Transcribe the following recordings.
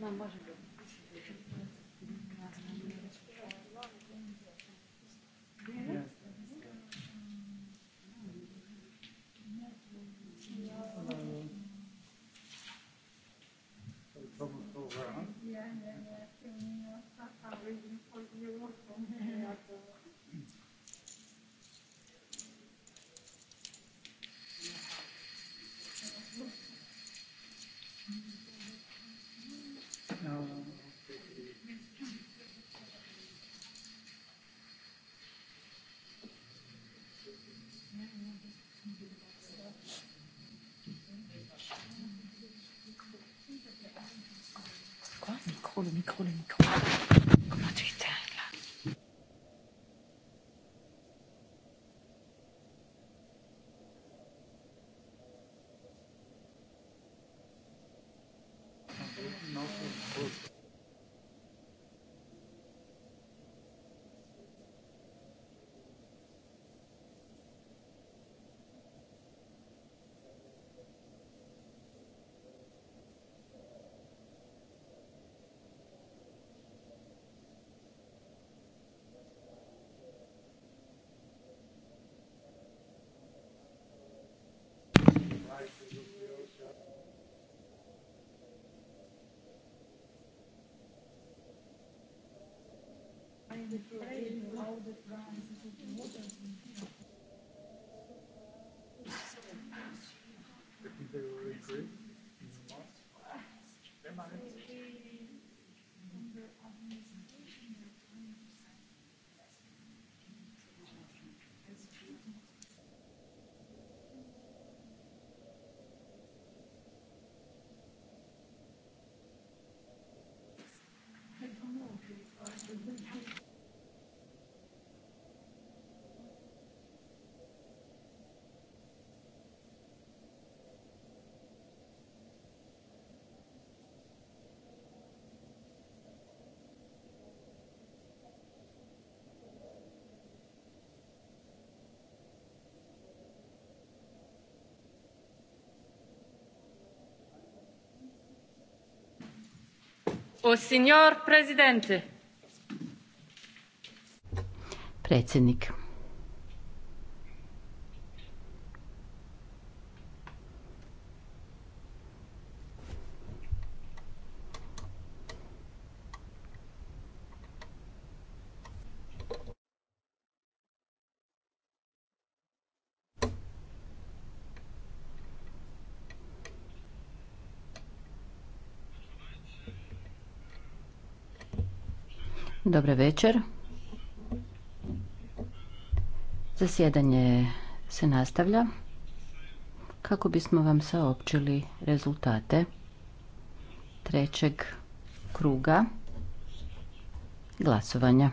Na le micro, O signor presidente. Predsjednik. Dobar večer. Zasjedanje se nastavlja kako bismo vam saopćili rezultate trećeg kruga glasovanja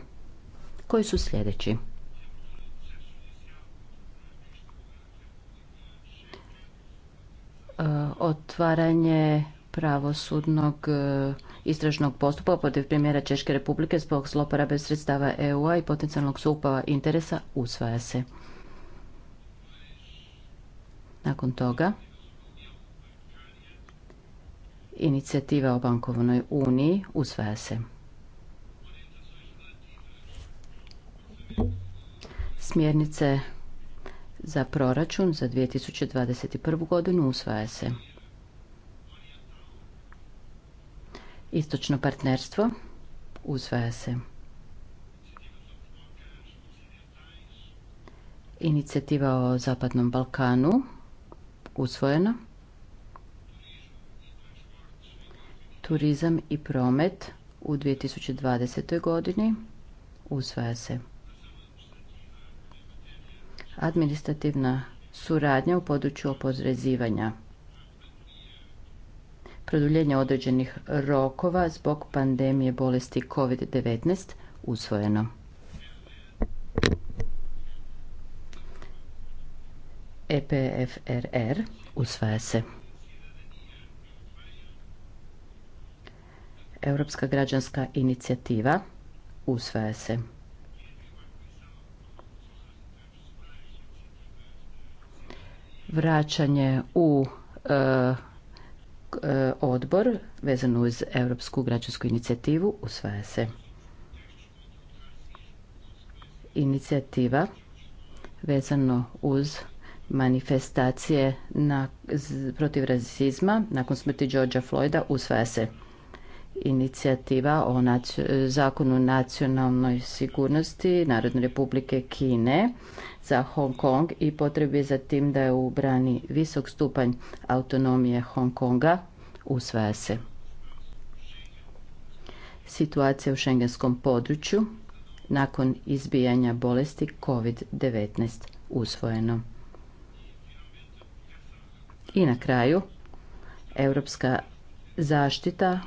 koji su sljedeći. E, otvaranje pravosudnog eh, istražnog postupka protiv primjera Češke republike zbog zloporabe sredstava EU-a i potencijalnog sukoba interesa usvaja se. Nakon toga inicijativa o bankovnoj uniji usvaja se. Smjernice za proračun za 2021. godinu usvaja se. Istočno partnerstvo usvaja se. Inicijativa o Zapadnom Balkanu usvojena. Turizam i promet u 2020. godini usvaja se. Administrativna suradnja u području opozrezivanja produljenje određenih rokova zbog pandemije bolesti COVID-19 usvojeno. EPFRR usvaja se. Europska građanska inicijativa usvaja se. Vraćanje u e, E, odbor vezano uz Europsku građansku inicijativu usvaja se. Inicijativa vezano uz manifestacije protiv rasizma nakon smrti Georgea Floyda usvaja se inicijativa o zakonu nacionalnoj sigurnosti Narodne republike Kine za Hong Kong i potrebi za tim da je ubrani visok stupanj autonomije Hong Konga usvaja se. Situacija u šengenskom području nakon izbijanja bolesti COVID-19 usvojeno. I na kraju, europska zaštita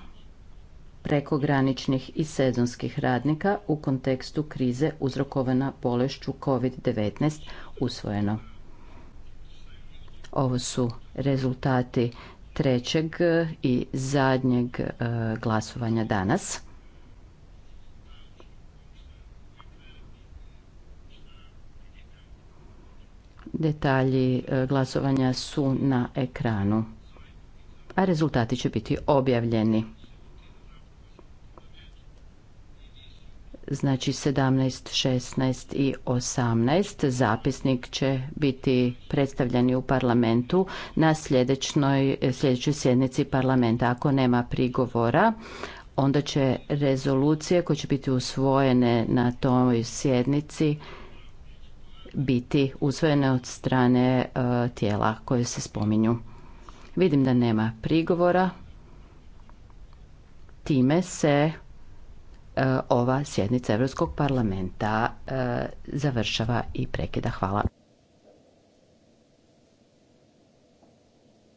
prekograničnih i sezonskih radnika u kontekstu krize uzrokovana bolešću COVID-19 usvojeno. Ovo su rezultati trećeg i zadnjeg e, glasovanja danas. Detalji e, glasovanja su na ekranu, a rezultati će biti objavljeni. znači 17, 16 i 18. Zapisnik će biti predstavljeni u parlamentu na sljedećoj sjednici parlamenta. Ako nema prigovora, onda će rezolucije koje će biti usvojene na toj sjednici biti usvojene od strane e, tijela koje se spominju. Vidim da nema prigovora. Time se E, ova sjednica Europskog parlamenta e, završava i prekida. Hvala.